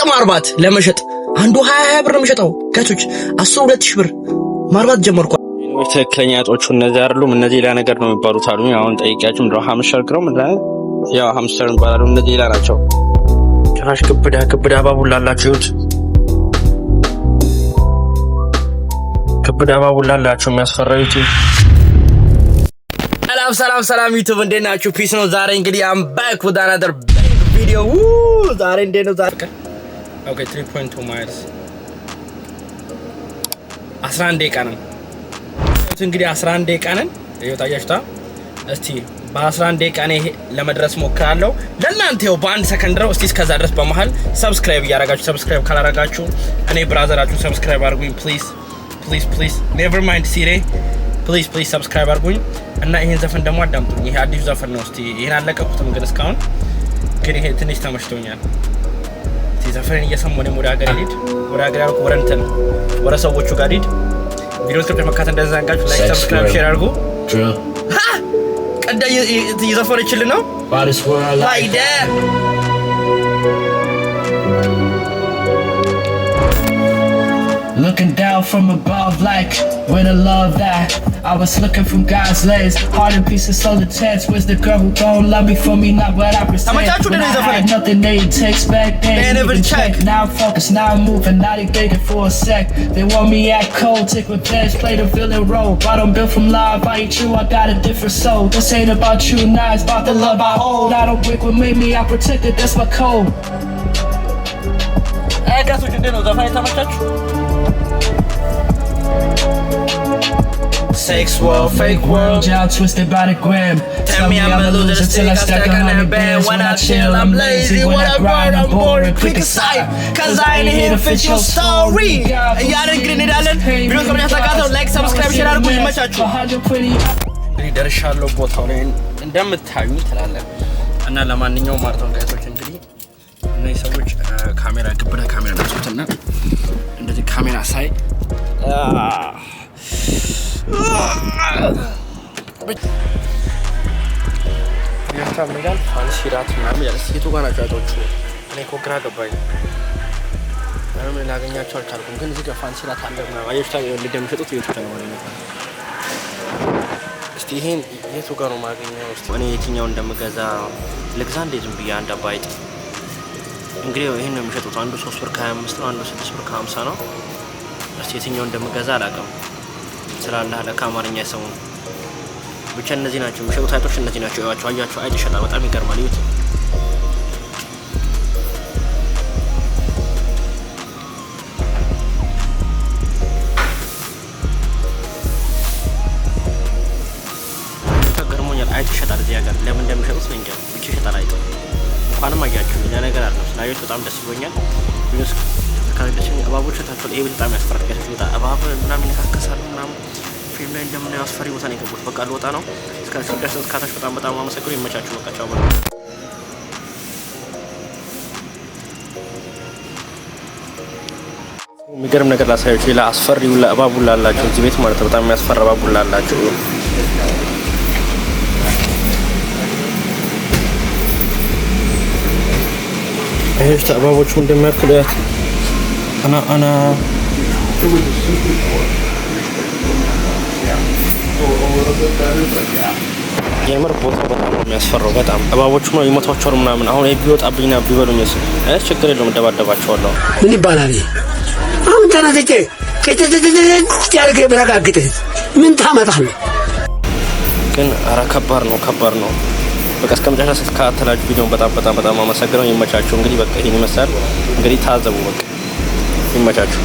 ሊጥ ማርባት ለመሸጥ አንዱ 20 ብር ነው የሚሸጠው። ጋቾች 10 20 ብር ማርባት ጀመርኩ። ትክክለኛ ጦቹ እነዚህ አይደሉም። እነዚህ ሌላ ነገር ነው የሚባሉት አሉ። አሁን ጠይቂያቸው ምንድነው ሀምሽር ግረው ምንድነው ያው ሀምሽር ይባላሉ። እነዚህ ሌላ ናቸው። ጭራሽ ግብዳ ግብዳ ባቡላላችሁት ይሁት ግብዳ ባቡላላችሁ የሚያስፈራዩት ሰላም ሰላም ሰላም ዩቲዩብ እንዴት ናችሁ? ፒስ ነው። ዛሬ እንግዲህ አም ባክ ወደ አናደር ቪዲዮ ዛሬ እንዴት ነው ዛሬ ኦኬ 3.2 ማይልስ 11 ደቂቃ ነን። እንግዲህ 11 ደቂቃ ነን። ይወጣያችሁታ እስቲ በ11 ደቂቃ እኔ ለመድረስ ሞክራለሁ። ለእናንተ ይኸው በአንድ ሰከንድ ነው። እስቲ እስከዛ ድረስ በመሀል ሰብስክራይብ እያረጋችሁ ሰብስክራይብ ካላረጋችሁ እኔ ብራዘራችሁ ሰብስክራይብ አድርጉኝ ፕሊዝ ፕሊዝ ፕሊዝ ኔቨር ማይንድ ሲሬ ፕሊዝ ፕሊዝ ሰብስክራይብ አድርጉኝ እና ይሄን ዘፈን ደግሞ አዳምጡኝ። ይሄ አዲሱ ዘፈን ነው። እስቲ ይሄን አለቀኩትም ግን እስካሁን ግን ይሄ ትንሽ ተመችቶኛል። የዘፈን እየሰሙ እኔም ወደ ሀገር ሄድ ወደ ሀገር ያልኩ ወደ እንትን ወደ ሰዎቹ ጋር ሄድ ቪዲዮ ስክሪፕት መካተት እንደዛ ንቃችሁ ላይክ፣ ሰብስክራይብ፣ ሼር አድርጉ። ቀዳ እየዘፈነችልን ነው አይደ from above, like when I love that I was looking from God's legs, Heart and pieces, is so intense. Where's the girl who don't love me for me, not what I pretend? When I had nothing they takes back, they, they never check. check. Now I'm focused, now I'm moving, now they begging for a sec. They want me at cold, take revenge, play the villain role. But I'm built from love, I ain't you, I got a different soul. This ain't about you, now it's about the love I hold. I don't break what made me, I protect it, that's my code. Hey, that's what you did, was I playing time of church? sex world, fake world, y'all twisted by the gram. Tell, Tell me, me I'm a loser till I stack a hundred bands. When I chill, I'm lazy. When when I grind, I'm boring. Pick a side, cause I ain't here to fit your story. Y'all it, don't come a ግን እንሄዳለን። ቪዲዮ ከምን ያሳቃተው ላይክ፣ ሰብስክራይብ፣ ሼር አድርጉ። ይመቻችሁ። እንግዲህ ደርሻለሁ ቦታው ላይ እንደምታዩ ትላለን እና ለማንኛውም ማርቶን ጋይሶች እንግዲህ እነዚህ ሰዎች ካሜራ ግብረ ካሜራ ናቸውትና ካሳይ ያስታምዳል የሚሸጡት የቱ ጋር ነው ማገኘው? ስ እኔ የትኛው እንደምገዛ ልግዛ እንዴ? ዝም ብዬ አንድ እንግዲህ ይህን ነው የሚሸጡት። አንዱ ሶስት ብር ከሀያ አምስት ነው። አንዱ ስድስት ብር ከሀምሳ ነው። እስ የትኛው እንደምገዛ አላውቅም። ስላለ ከአማርኛ ሰው ብቻ እነዚህ ናቸው የሚሸጡት አይጦች፣ እነዚህ ናቸው ያቸው። አያቸው አይጥ ይሸጣል። በጣም ይገርማል። ይዩት አይጥ ይሸጣል። እዚህ ሀገር ለምን እንደሚሸጡት ነው እንጃ። ብቻ ይሸጣል አይጥ። እንኳንም አያችሁ። ሌላ ነገር አለ ስላየሁት በጣም ደስ ብሎኛል። ያስፈራካለች። እባቦች ታፈል ይሄ በጣም ያስፈራካለች። ቦታ እባብ ምናምን ይነካከሳሉ ምናምን ፊልም ላይ እንደምናየው አስፈሪ ቦታ ነው የገቡት። በቃ ልወጣ ነው። እስከ ካታች በጣም በጣም አመሰግኑ። ይመቻችሁ። በቃ ቻው። የሚገርም ነገር ላሳያችሁ። ሌላ አስፈሪ ሁላ እባብ ሁላ አላቸው እዚህ ቤት ማለት ነው። በጣም የሚያስፈራ እባብ ሁላ አላቸው። ይሄ እባቦቹ እንደሚያክሉ ያት anak-anak የምር ቦታ በጣም ነው የሚያስፈራው። በጣም እባቦቹ ነው የሞቷቸውን ምናምን አሁን ቢወጣብኝና ቢበሉኝ ችግር የለውም እደባደባቸዋለሁ። ምን ይባላል አሁን ተነስቼ ያልገ ብረጋግጥ ምን ታመጣለህ? ግን ኧረ ከባድ ነው ከባድ ነው። በቃ እስከ መጨረሻ ስልካ ተላጅ በጣም በጣም በጣም አመሰግነው። ይመቻችሁ። እንግዲህ በቃ ይህን ይመስላል። እንግዲህ ታዘቡ በቃ ይመቻችሁ።